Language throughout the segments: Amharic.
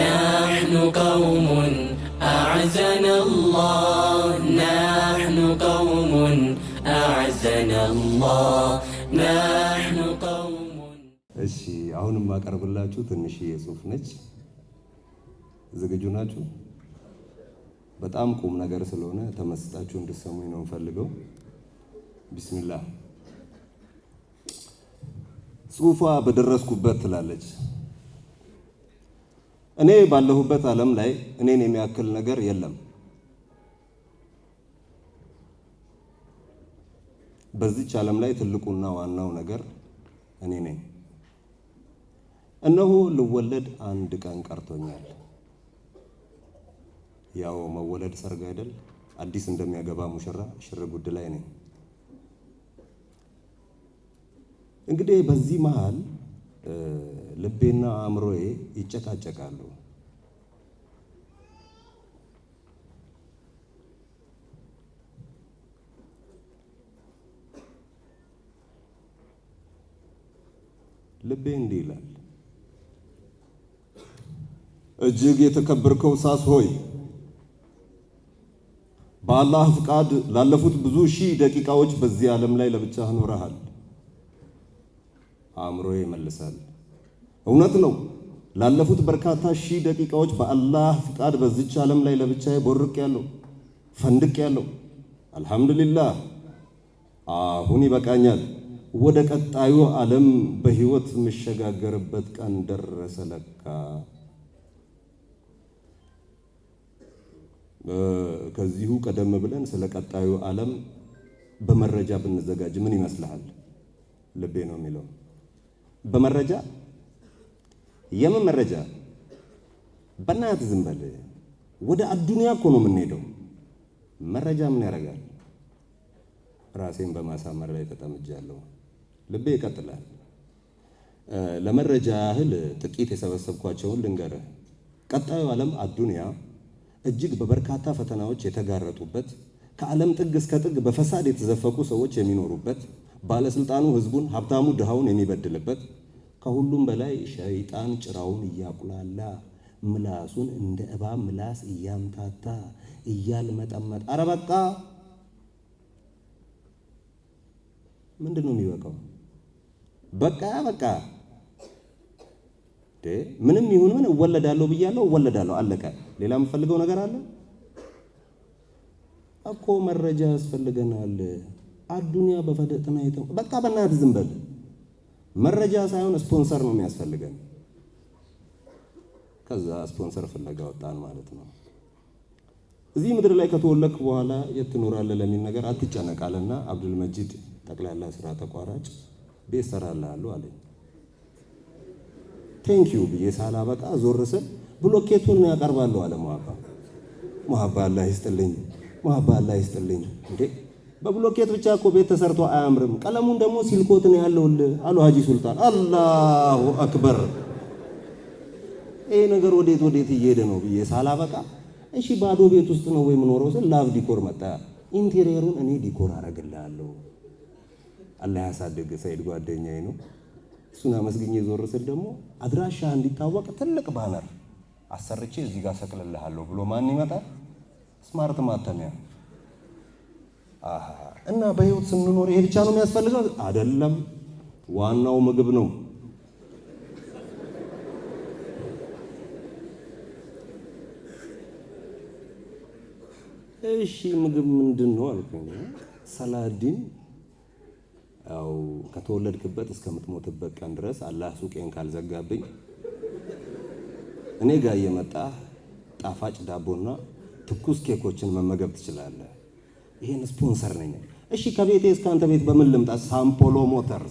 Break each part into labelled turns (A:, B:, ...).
A: ናሕኑ ቀውሙን አዕዘነ አላህ ናሕኑ ቀውሙን አዕዘነ አላህ ናሕኑ ቀውሙን።
B: እሺ አሁንም የማቀርብላችሁ ትንሽዬ ጽሑፍ ነች። ዝግጁ ናችሁ? በጣም ቁም ነገር ስለሆነ ተመስጣችሁ እንድሰሙኝ ነው የምፈልገው። ቢስሚላህ ጽሑፏ በደረስኩበት ትላለች። እኔ ባለሁበት ዓለም ላይ እኔን የሚያክል ነገር የለም። በዚች ዓለም ላይ ትልቁና ዋናው ነገር እኔ ነኝ። እነሆ ልወለድ አንድ ቀን ቀርቶኛል። ያው መወለድ ሰርግ አይደል? አዲስ እንደሚያገባ ሙሽራ ሽር ጉድ ላይ ነኝ። እንግዲህ በዚህ መሃል ልቤና አእምሮዬ ይጨቃጨቃሉ። ልቤ እንዲህ ይላል፣ እጅግ የተከበርከው ሳስ ሆይ በአላህ ፍቃድ ላለፉት ብዙ ሺህ ደቂቃዎች በዚህ ዓለም ላይ ለብቻህ ኖረሃል። አእምሮ ይመልሳል እውነት ነው። ላለፉት በርካታ ሺህ ደቂቃዎች በአላህ ፍቃድ በዚች ዓለም ላይ ለብቻዬ ቦርቅ ያለው ፈንድቅ ያለው አልሐምዱሊላህ፣ አሁን ይበቃኛል። ወደ ቀጣዩ ዓለም በህይወት የምሸጋገርበት ቀን ደረሰ። ለካ ከዚሁ ቀደም ብለን ስለ ቀጣዩ ዓለም በመረጃ ብንዘጋጅ ምን ይመስልሃል? ልቤ ነው የሚለው በመረጃ የምን መረጃ? በእናት ዝም በል። ወደ አዱንያ እኮ ነው የምንሄደው። መረጃ ምን ያደርጋል? ራሴን በማሳመር ላይ ተጠምጃለሁ። ልቤ ይቀጥላል። ለመረጃ ያህል ጥቂት የሰበሰብኳቸውን ልንገርህ። ቀጣዩ ዓለም አዱንያ እጅግ በበርካታ ፈተናዎች የተጋረጡበት ከዓለም ጥግ እስከ ጥግ በፈሳድ የተዘፈቁ ሰዎች የሚኖሩበት ባለስልጣኑ ህዝቡን፣ ሀብታሙ ድሃውን የሚበድልበት ከሁሉም በላይ ሸይጣን ጭራውን እያቁላላ ምላሱን እንደ እባብ ምላስ እያምታታ እያልመጠመጥ አረ በቃ ምንድን ነው የሚበቃው? በቃ በቃ ምንም ይሁን ምን እወለዳለሁ ብያለሁ፣ እወለዳለሁ፣ አለቀ። ሌላ የምፈልገው ነገር አለ እኮ መረጃ ያስፈልገናል። አዱንያ በፈደጥና በቃ በእናትህ ዝም በል። መረጃ ሳይሆን ስፖንሰር ነው የሚያስፈልገን። ከዛ ስፖንሰር ፍለጋ ወጣን ማለት ነው። እዚህ ምድር ላይ ከተወለክ በኋላ የት ትኖራለህ ለሚል ነገር አትጨነቃለና አብዱል መጂድ ጠቅላላ ስራ ተቋራጭ ቤት ሰራልሃለሁ አለኝ። ቴንኪዩ ብዬ በቃ ዞር ስል ብሎኬቱን ያቀርባለሁ አለ መሀባ። መሀባ አላህ ይስጥልኝ፣ መሀባ አላህ ይስጥልኝ እንዴ በብሎኬት ብቻ እኮ ቤት ተሰርቶ አያምርም። ቀለሙን ደግሞ ሲልኮት ነው ያለውል አሉ ሀጂ ሱልጣን። አላሁ አክበር። ይሄ ነገር ወዴት ወዴት እየሄደ ነው ብዬ ሳላበቃ እሺ ባዶ ቤት ውስጥ ነው ወይ የምኖረው ስል ላቭ ዲኮር መጣ። ኢንቴሪየሩን እኔ ዲኮር አረግልሃለሁ። አላህ ያሳድግ ሰይድ ጓደኛዬ ነው። እሱን አመስግኜ ዞር ስል ደግሞ አድራሻ እንዲታወቅ ትልቅ ባነር አሰርቼ እዚህ ጋር ሰቅልልሃለሁ ብሎ ማን ይመጣል? ስማርት ማተሚያ እና በህይወት ስንኖር ይሄ ብቻ ነው የሚያስፈልገው አይደለም። ዋናው ምግብ ነው። እሺ ምግብ ምንድን ነው አልኩኝ። ሰላዲን ያው ከተወለድክበት እስከምትሞትበት ቀን ድረስ አላህ ሱቄን ካልዘጋብኝ እኔ ጋር እየመጣህ ጣፋጭ ዳቦና ትኩስ ኬኮችን መመገብ ትችላለህ። ይህን ስፖንሰር ነኝ። እሺ ከቤቴ እስከ አንተ ቤት በምን ልምጣ? ሳምፖሎ ሞተርስ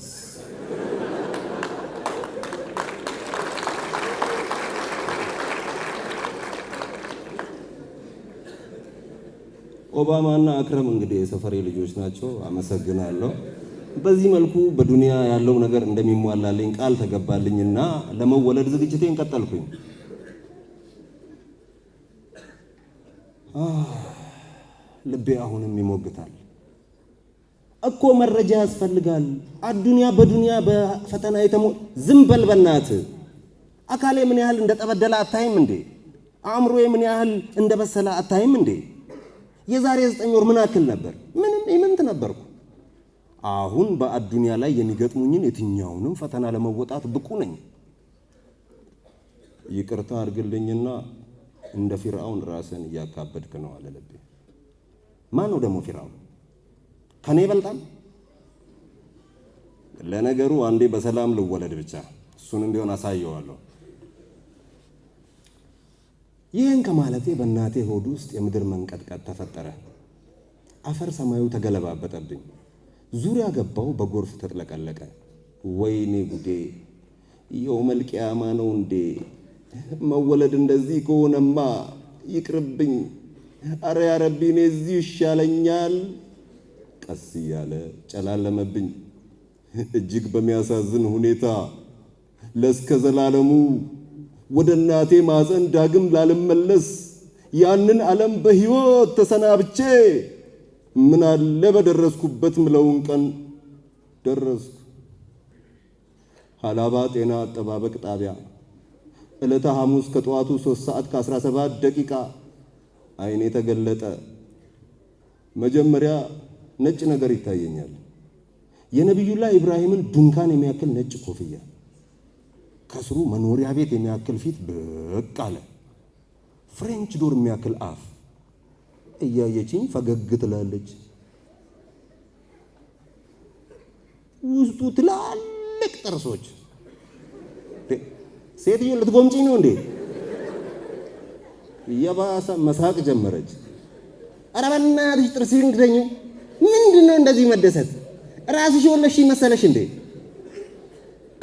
B: ኦባማና አክረም እንግዲህ የሰፈሬ ልጆች ናቸው። አመሰግናለሁ። በዚህ መልኩ በዱንያ ያለው ነገር እንደሚሟላልኝ ቃል ተገባልኝ እና ለመወለድ ዝግጅቴን ቀጠልኩኝ። ልቤ አሁንም ይሞግታል እኮ መረጃ ያስፈልጋል። አዱንያ በዱንያ በፈተና የተሞ ዝም በልበናት አካሌ ምን ያህል እንደተበደለ አታይም እንዴ? አእምሮዬ ምን ያህል እንደበሰለ አታይም እንዴ? የዛሬ ዘጠኝ ወር ምን አክል ነበር? ምንም ኢምንት ነበርኩ። አሁን በአዱንያ ላይ የሚገጥሙኝን የትኛውንም ፈተና ለመወጣት ብቁ ነኝ። ይቅርታ አድርግልኝና እንደ ፊርአውን ራስን እያካበድክ ነው አለ ማን ነው ደግሞ ፊርዓውን ከኔ ይበልጣል? ለነገሩ አንዴ በሰላም ልወለድ ብቻ እሱንም ቢሆን አሳየዋለሁ። ይህን ከማለቴ በእናቴ ሆድ ውስጥ የምድር መንቀጥቀጥ ተፈጠረ። አፈር ሰማዩ ተገለባበጠብኝ። ዙሪያ ገባው በጎርፍ ተጥለቀለቀ። ወይኔ ጉዴ! የውመል ቂያማ ነው እንዴ? መወለድ እንደዚህ ከሆነማ ይቅርብኝ አረ ረቢ እኔ እዚሁ ይሻለኛል። ቀስ እያለ ጨላለመብኝ። እጅግ በሚያሳዝን ሁኔታ ለእስከ ዘላለሙ ወደ እናቴ ማፀን ዳግም ላልመለስ ያንን ዓለም በሕይወት ተሰናብቼ ምን አለ በደረስኩበት ምለውን ቀን ደረስኩ። ሀላባ ጤና አጠባበቅ ጣቢያ ዕለተ ሐሙስ ከጠዋቱ 3 ሰዓት ከ17 ደቂቃ አይኔ የተገለጠ መጀመሪያ ነጭ ነገር ይታየኛል። የነቢዩላህ ኢብራሂምን ድንኳን የሚያክል ነጭ ኮፍያ ከስሩ መኖሪያ ቤት የሚያክል ፊት ብቅ አለ። ፍሬንች ዶር የሚያክል አፍ እያየችኝ ፈገግ ትላለች። ውስጡ ትላልቅ ጥርሶች። ሴትዮ ልትጎምጪኝ ነው እንዴ? እየባሰ መሳቅ ጀመረች። ኧረ በእናትሽ ጥርስሽን ይንግደኝ፣ ምንድን ነው እንደዚህ መደሰት? ራስሽ ወለሽ መሰለሽ እንዴ?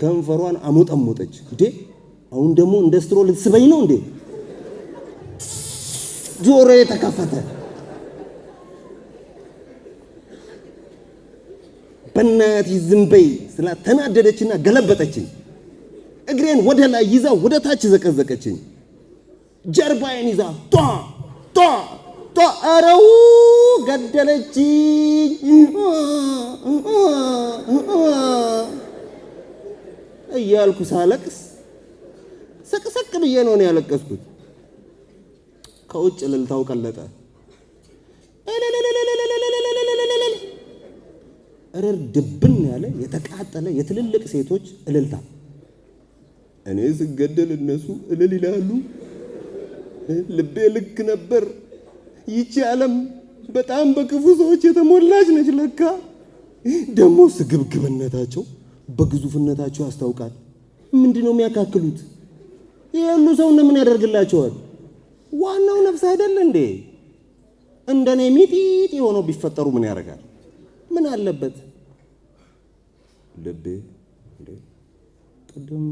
B: ከንፈሯን አሞጠሞጠች። እንዴ አሁን ደግሞ እንደ ስትሮ ልትስበኝ ነው እንዴ? ጆሮ ተከፈተ። በእናት ዝም በይ ስላ ተናደደችና ገለበጠችኝ። እግሬን ወደ ላይ ይዛ ወደ ታች ዘቀዘቀችኝ። ጀርባዬን ይዛ ጧ ጧ ጧ አረው ገደለችኝ እያልኩ ሳለቅስ ሰቅሰቅ ብዬ ነው ያለቀስኩት። ከውጭ እልልታው ቀለጠ። እረር ድብን ያለ የተቃጠለ የትልልቅ ሴቶች እልልታ። እኔ ስገደል እነሱ እልል ይላሉ። ልቤ ልክ ነበር። ይቺ ዓለም በጣም በክፉ ሰዎች የተሞላች ነች። ለካ ደግሞ ስግብግብነታቸው በግዙፍነታቸው ያስታውቃል። ምንድን ነው የሚያካክሉት? ይህ ሰው እንደምን ያደርግላቸዋል? ዋናው ነፍስ አይደል እንዴ? እንደኔ ሚጢጥ የሆነው ቢፈጠሩ ምን ያደርጋል? ምን አለበት? ልቤ ቅድም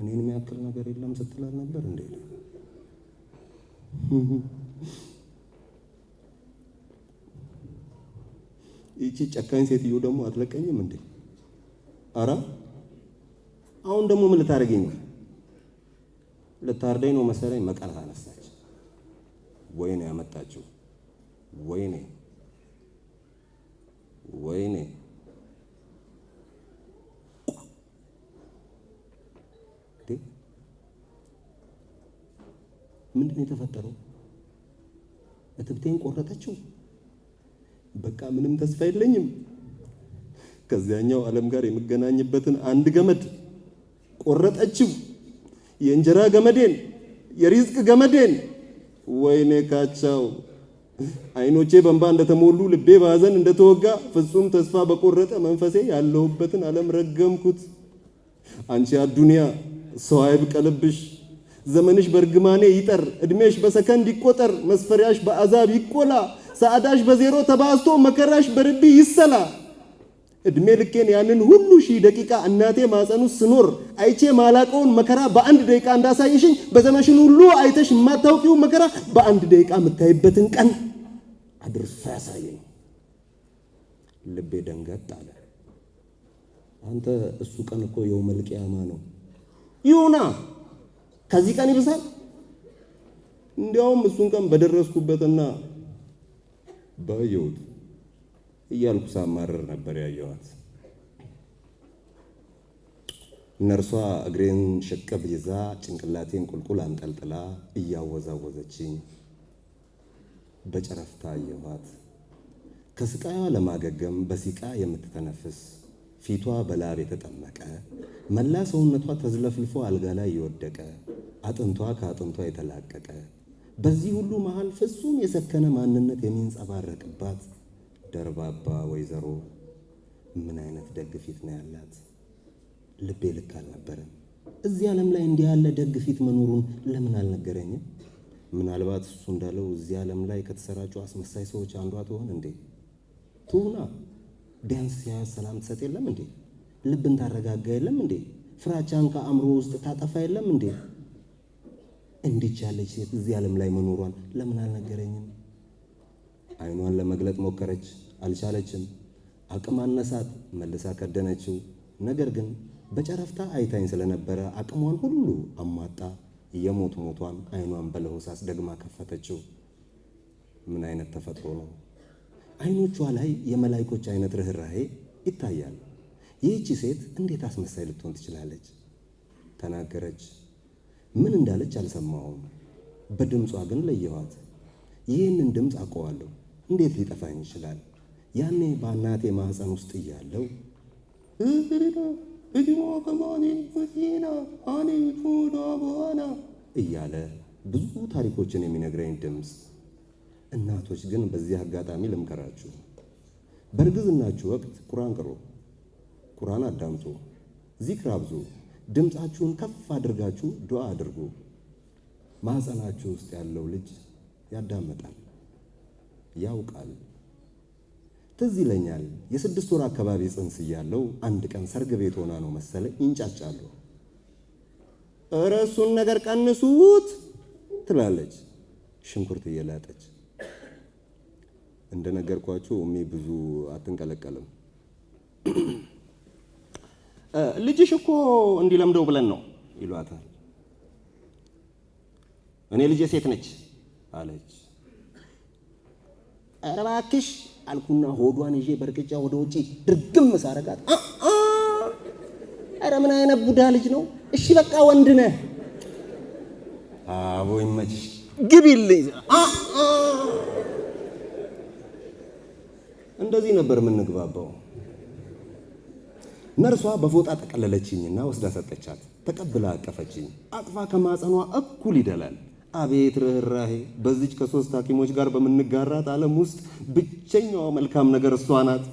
B: እኔን የሚያክል ነገር የለም ስትላል ነበር እንዴ? ይቺ ጨካኝ ሴትዮ ደግሞ አትለቀኝም እንዴ? አረ አሁን ደግሞ ምን ልታደርገኝ ልታርደኝ ነው መሰለኝ። መቀነት አነሳች። ወይኔ ያመጣችው! ወይኔ ወይኔ ምንድን ነው የተፈጠረው? እትብቴን ቆረጠችው። በቃ ምንም ተስፋ የለኝም። ከዚያኛው ዓለም ጋር የምገናኝበትን አንድ ገመድ ቆረጠችው። የእንጀራ ገመዴን፣ የሪዝቅ ገመዴን። ወይኔ ካቻው! አይኖቼ በእንባ እንደተሞሉ ልቤ በሐዘን እንደተወጋ ፍጹም ተስፋ በቆረጠ መንፈሴ ያለሁበትን ዓለም ረገምኩት። አንቺ አዱንያ ሰው አይብቀልብሽ ዘመንሽ በርግማኔ ይጠር፣ እድሜሽ በሰከንድ ይቆጠር፣ መስፈሪያሽ በአዛብ ይቆላ፣ ሰዓዳሽ በዜሮ ተባዝቶ መከራሽ በርቢ ይሰላ። እድሜ ልኬን ያንን ሁሉ ሺህ ደቂቃ እናቴ ማጸኑ ስኖር አይቼ ማላቀውን መከራ በአንድ ደቂቃ እንዳሳይሽኝ በዘመንሽን ሁሉ አይተሽ የማታውቂውን መከራ በአንድ ደቂቃ የምታይበትን ቀን አድርሶ ያሳየኝ። ልቤ ደንገጥ አለ። አንተ እሱ ቀን እኮ መልቅያማ ነው ይሁና ከዚህ ቀን ይብሳል። እንዲያውም እሱን ቀን በደረስኩበትና ባየሁት እያልኩ ሳማረር ነበር ያየኋት። እነርሷ እግሬን ሸቀብ ይዛ ጭንቅላቴን ቁልቁል አንጠልጥላ እያወዛወዘችኝ በጨረፍታ አየኋት። ከስቃይዋ ለማገገም በሲቃ የምትተነፍስ ፊቷ በላብ የተጠመቀ መላ ሰውነቷ ተዝለፍልፎ አልጋ ላይ እየወደቀ። አጥንቷ ከአጥንቷ የተላቀቀ በዚህ ሁሉ መሃል ፍጹም የሰከነ ማንነት የሚንጸባረቅባት ደርባባ ወይዘሮ ምን አይነት ደግ ፊት ነው ያላት! ልቤ ልክ አልነበረም። እዚህ ዓለም ላይ እንዲህ ያለ ደግ ፊት መኖሩን ለምን አልነገረኝም? ምናልባት እሱ እንዳለው እዚህ ዓለም ላይ ከተሰራጩ አስመሳይ ሰዎች አንዷ ትሆን እንዴ? ትሁና። ቢያንስ ሲያያዝ ሰላም ትሰጥ የለም እንዴ? ልብን ታረጋጋ የለም እንዴ? ፍራቻን ከአእምሮ ውስጥ ታጠፋ የለም እንዴ? እንዲች ያለች ሴት እዚህ ዓለም ላይ መኖሯን ለምን አልነገረኝም? አይኗን ለመግለጥ ሞከረች፣ አልቻለችም። አቅም አነሳት፣ መልሳ ከደነችው። ነገር ግን በጨረፍታ አይታኝ ስለነበረ አቅሟን ሁሉ አሟጣ የሞት ሞቷን አይኗን በለሆሳስ ደግማ ከፈተችው። ምን አይነት ተፈጥሮ ነው! አይኖቿ ላይ የመላይኮች አይነት ርኅራሄ ይታያል። ይህቺ ሴት እንዴት አስመሳይ ልትሆን ትችላለች? ተናገረች። ምን እንዳለች አልሰማሁም። በድምጿ ግን ለየኋት። ይህንን ድምፅ አውቀዋለሁ። እንዴት ሊጠፋኝ ይችላል? ያኔ በእናቴ ማህፀን ውስጥ እያለው እያለ ብዙ ታሪኮችን የሚነግረኝ ድምፅ። እናቶች ግን በዚህ አጋጣሚ ልምከራችሁ፣ በእርግዝናችሁ ወቅት ቁራን ቅሩ፣ ቁራን አዳምጡ፣ ዚክር አብዙ። ድምፃችሁን ከፍ አድርጋችሁ ዱዓ አድርጉ። ማህፀናችሁ ውስጥ ያለው ልጅ ያዳመጣል፣ ያውቃል። ትዝ ይለኛል የስድስት ወር አካባቢ ጽንስ እያለው አንድ ቀን ሰርግ ቤት ሆና ነው መሰለ ይንጫጫሉ። እረ እሱን ነገር ቀንሱት ትላለች ሽንኩርት እየላጠች። እንደነገርኳችሁ እሜ ብዙ አትንቀለቀልም። ልጅሽ እኮ እንዲለምደው ብለን ነው ይሏታል። እኔ ልጄ ሴት ነች አለች። ኧረ እባክሽ አልኩና ሆዷን ይዤ በእርግጫ ወደ ውጪ ድርግም ሳረጋት፣ ኧረ ምን አይነት ቡዳ ልጅ ነው! እሺ በቃ ወንድ ነህ አቦ ይመችሽ፣ ግቢልኝ። እንደዚህ ነበር የምንግባባው። ነርሷ በፎጣ ጠቀለለችኝና ወስዳ ሰጠቻት። ተቀብላ አቀፈችኝ። አቅፋ ከማጸኗ እኩል ይደላል። አቤት ርኅራሄ! በዚች ከሶስት ሐኪሞች ጋር በምንጋራት ዓለም ውስጥ ብቸኛዋ መልካም ነገር እሷ ናት።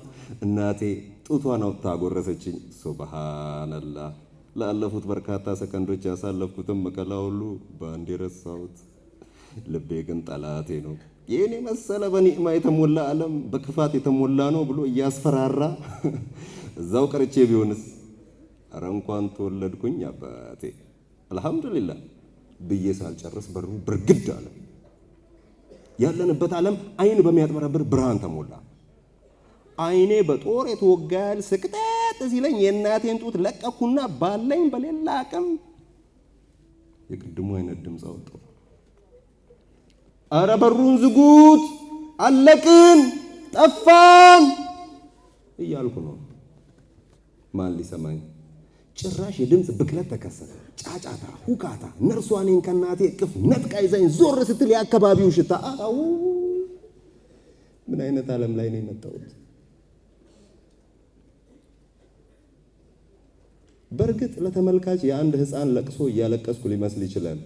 B: እናቴ ጡቷን አውጥታ አጎረሰችኝ። ሱብሃነላ! ላለፉት በርካታ ሰከንዶች ያሳለፍኩትን መከራ ሁሉ በአንዴ ረሳሁት። ልቤ ግን ጠላቴ ነው። ይህን የመሰለ በኒዕማ የተሞላ ዓለም በክፋት የተሞላ ነው ብሎ እያስፈራራ እዛው ቀርቼ ቢሆንስ ኧረ እንኳን ተወለድኩኝ አባቴ አልሐምዱሊላህ ብዬ ሳልጨርስ በሩ ብርግድ አለ። ያለንበት ዓለም አይን በሚያጥበረብር ብርሃን ተሞላ። አይኔ በጦር የተወጋ ያህል ስቅጠጥ ሲለኝ የእናቴን ጡት ለቀኩና ባለኝ በሌላ አቅም የቅድሙ አይነት ድምፅ አወጣሁ። አረ በሩን ዝጉት፣ አለቅን፣ ጠፋን እያልኩ ነው። ማን ሊሰማኝ ጭራሽ የድምፅ ብክለት ተከሰተ። ጫጫታ፣ ሁካታ። ነርሷኔን ከናቴ ከእናቴ እቅፍ ነጥቃ ይዛኝ ዞር ስትል የአካባቢው ሽታ አው ምን አይነት ዓለም ላይ ነው የመጣሁት? በእርግጥ ለተመልካች የአንድ ሕፃን ለቅሶ እያለቀስኩ ሊመስል ይችላል።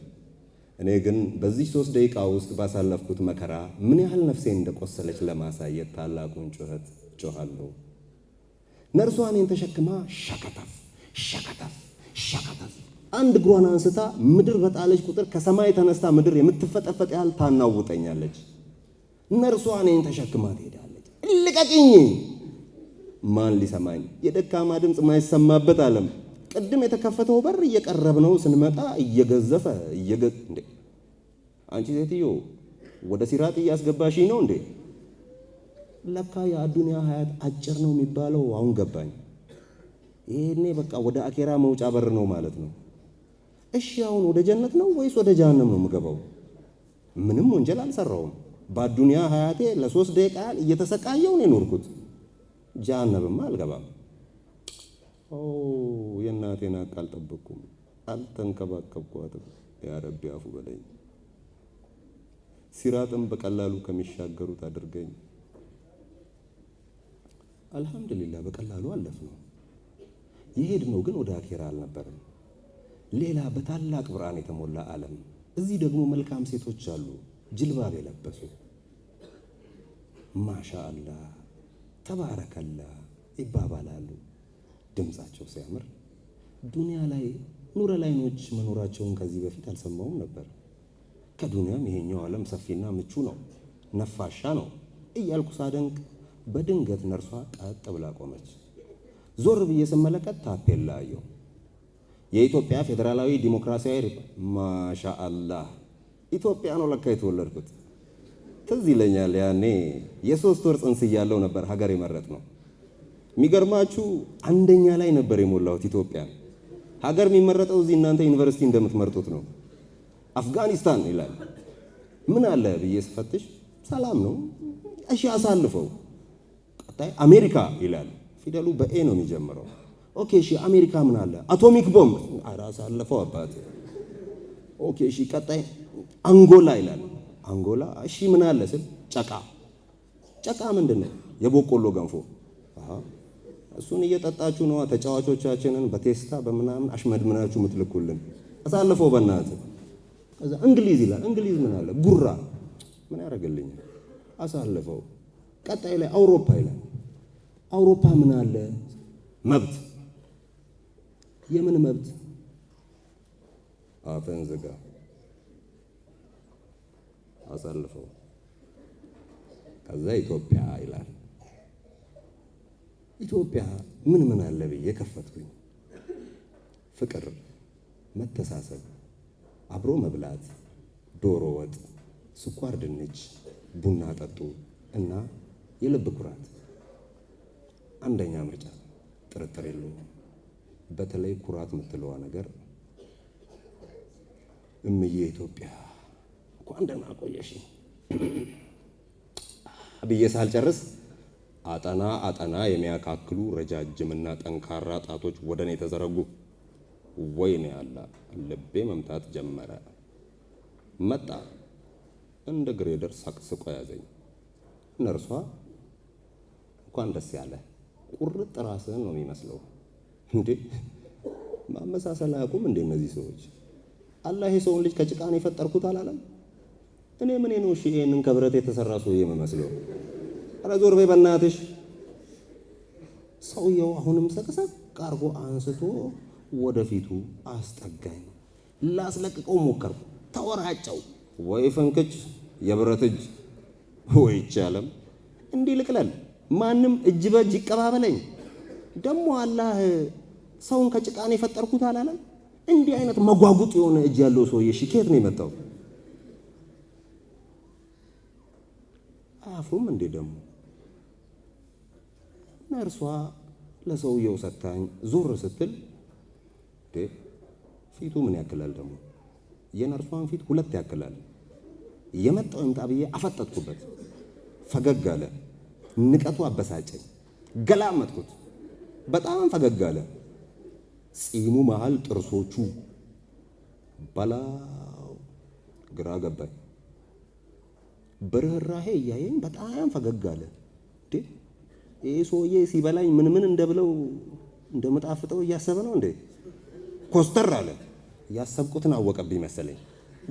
B: እኔ ግን በዚህ ሶስት ደቂቃ ውስጥ ባሳለፍኩት መከራ ምን ያህል ነፍሴ እንደቆሰለች ለማሳየት ታላቁን ጩኸት ጮኋለሁ። ነርሷ እኔን ተሸክማ ሸከተፍ ሸከተፍ ሸከተፍ አንድ እግሯን አንስታ ምድር በጣለች ቁጥር ከሰማይ ተነስታ ምድር የምትፈጠፈጥ ያህል ታናውጠኛለች። ነርሷ እኔን ተሸክማ ትሄዳለች። ልቀቅኝ! ማን ሊሰማኝ? የደካማ ድምፅ ማይሰማበት ዓለም። ቅድም የተከፈተው በር እየቀረብነው ስንመጣ እየገዘፈ እየገ አንቺ ሴትዮ ወደ ሲራጥ እያስገባሽ ነው እንዴ? ለካ የአዱንያ ሀያት አጭር ነው የሚባለው አሁን ገባኝ። ይሄኔ በቃ ወደ አኬራ መውጫ በር ነው ማለት ነው። እሺ አሁን ወደ ጀነት ነው ወይስ ወደ ጀሃነም ነው የምገባው? ምንም ወንጀል አልሰራውም። በአዱንያ ሀያቴ ለሶስት ደቂቃ ያህል የኖርኩት። ጀሃነምማ አልገባም። ኦ የእናቴን ሀቅ አልጠበቅኩም፣ አልተንከባከብኳትም። ያ ረቢ አፉ በለኝ። ሲራጥም በቀላሉ ከሚሻገሩት አድርገኝ። አልሐምዱሊላህ በቀላሉ አለፍ ነው። የሄድ ነው ግን ወደ አኬራ አልነበረም። ሌላ በታላቅ ብርሃን የተሞላ ዓለም። እዚህ ደግሞ መልካም ሴቶች አሉ፣ ጅልባብ የለበሱ ማሻአላህ ተባረከላ ይባባላሉ። ድምፃቸው ሲያምር ዱንያ ላይ ኑረ ላይኖች መኖራቸውን ከዚህ በፊት አልሰማውም ነበር። ከዱንያም ይሄኛው ዓለም ሰፊና ምቹ ነው፣ ነፋሻ ነው እያልኩ ሳደንቅ በድንገት ነርሷ ቀጥ ብላ ቆመች። ዞር ብዬ ስመለከት ታፔላ አየሁ። የኢትዮጵያ ፌዴራላዊ ዲሞክራሲያዊ ሪፐብሊክ ማሻአላህ ኢትዮጵያ ነው ለካ የተወለድኩት። ትዝ ይለኛል ያኔ የሶስት ወር ጽንስ እያለሁ ነበር ሀገር የመረጥ ነው። የሚገርማችሁ አንደኛ ላይ ነበር የሞላሁት ኢትዮጵያ። ሀገር የሚመረጠው እዚህ እናንተ ዩኒቨርሲቲ እንደምትመርጡት ነው። አፍጋኒስታን ይላል። ምን አለ ብዬ ስፈትሽ ሰላም ነው። እሺ አሳልፈው ቀጣይ አሜሪካ ይላል። ፊደሉ በኤ ነው የሚጀምረው። ኦኬ እሺ፣ አሜሪካ ምን አለ? አቶሚክ ቦምብ። ራስ አለፈው አባት። ኦኬ እሺ፣ ቀጣይ አንጎላ ይላል። አንጎላ እሺ፣ ምን አለ ስል ጨቃ። ጨቃ ምንድን ነው? የቦቆሎ ገንፎ። እሱን እየጠጣችሁ ነው ተጫዋቾቻችንን በቴስታ በምናምን አሽመድምናችሁ የምትልኩልን። አሳልፈው በእናትህ። እንግሊዝ ይላል። እንግሊዝ ምን አለ? ጉራ። ምን ያደርግልኛል? አሳልፈው ቀጣይ ላይ አውሮፓ ይላል። አውሮፓ ምን አለ? መብት። የምን መብት? አፈን ዝጋ፣ አሳልፈው። ከዛ ኢትዮጵያ ይላል። ኢትዮጵያ ምን ምን አለ ብዬ ከፈትኩኝ። ፍቅር፣ መተሳሰብ፣ አብሮ መብላት፣ ዶሮ ወጥ፣ ስኳር ድንች፣ ቡና ጠጡ እና የልብ ኩራት አንደኛ ምርጫ ጥርጥር የለውም። በተለይ ኩራት የምትለዋ ነገር እምዬ ኢትዮጵያ እንኳን ደህና ቆየሽ ብዬ ሳልጨርስ አጠና አጠና የሚያካክሉ ረጃጅምና ጠንካራ ጣቶች ወደ እኔ የተዘረጉ። ወይኔ ያላ ልቤ መምታት ጀመረ። መጣ እንደ ግሬደር ሳቅስቆ ያዘኝ። እነርሷ እንኳን ደስ ያለ ቁርጥ ራስህን ነው የሚመስለው። እንዴ ማመሳሰል አያውቁም እንዴ እነዚህ ሰዎች? አላህ የሰውን ልጅ ከጭቃን የፈጠርኩት አላለም? እኔ ምን ነው እሺ፣ ይሄንን ከብረት የተሰራ ሰው የምመስለው? ኧረ ዞር በይ በእናትሽ። ሰውየው አሁንም ሰቅሰቅ አርጎ አንስቶ ወደፊቱ አስጠጋኝ። ላስለቅቀው ሞከርኩ፣ ተወራጨው። ወይ ፈንክች የብረት እጅ ወይ ይቻለም እንዲህ ልቅለል ማንም እጅ በእጅ ይቀባበለኝ። ደግሞ አላህ ሰውን ከጭቃን የፈጠርኩት አላለም። እንዲህ አይነት መጓጉጥ የሆነ እጅ ያለው ሰውዬ እሺ ከየት ነው የመጣው? አያፍሩም እንዴ ደግሞ ነርሷ ለሰውየው ሰታኝ ዞር ስትል ፊቱ ምን ያክላል ደግሞ የነርሷን ፊት ሁለት ያክላል። የመጣው ይምጣ ብዬ አፈጠጥኩበት። ፈገግ አለ። ንቀቱ አበሳጨኝ። ገላመጥኩት። በጣም ፈገግ አለ። ፂሙ መሃል ጥርሶቹ በላው። ግራ ገባኝ። በርህራሄ እያየኝ በጣም ፈገግ አለ። ይህ ሰውዬ ሲበላኝ ምን ምን እንደብለው እንደምጣፍጠው እያሰበ ነው እንዴ? ኮስተር አለ። ያሰብኩትን አወቀብኝ መሰለኝ።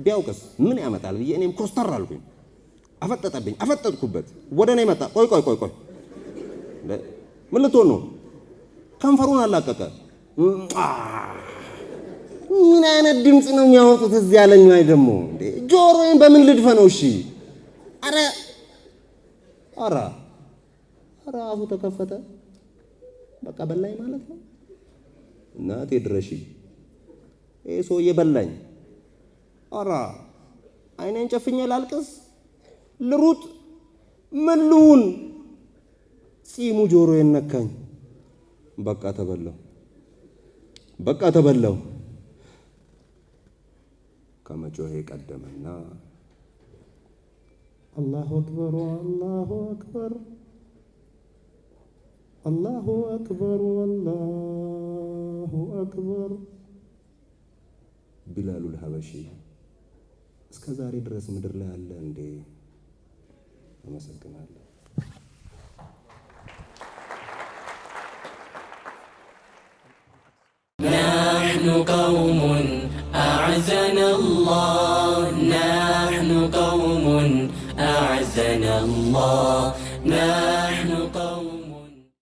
B: ቢያውቅስ ምን ያመጣል ብዬ እኔም ኮስተር አልኩኝ። አፈጠጠብኝ። አፈጠጥኩበት። ወደ እኔ መጣ። ቆይ ቆይ ቆይ ቆይ፣ ምን ልትሆን ነው? ከንፈሩን አላቀቀ። ምን አይነት ድምፅ ነው የሚያወጡት? እዚህ ያለኝ ላይ ደግሞ ጆሮዬን በምን ልድፈ ነው? እሺ፣ አረ አረ አረ፣ አፉ ተከፈተ። በቃ በላኝ ማለት ነው። እናቴ ድረሺ፣ ይሄ ሰውዬ በላኝ። አረ አይኔን ጨፍኜ ላልቅስ ልሩጥ ምን ልሁን? ጺሙ ጆሮዬን ነካኝ። በቃ ተበላው፣ በቃ ተበላው። ከመጮሄ ቀደመና አላሁ አክበር አላሁ አክበር አላሁ አክበር አላሁ አክበር ቢላሉል ሀበሺ እስከ ዛሬ ድረስ ምድር ላይ አለ እንዴ? አመሰግናለሁ። نحن قوم أعزنا الله نحن قوم أعزنا الله نحن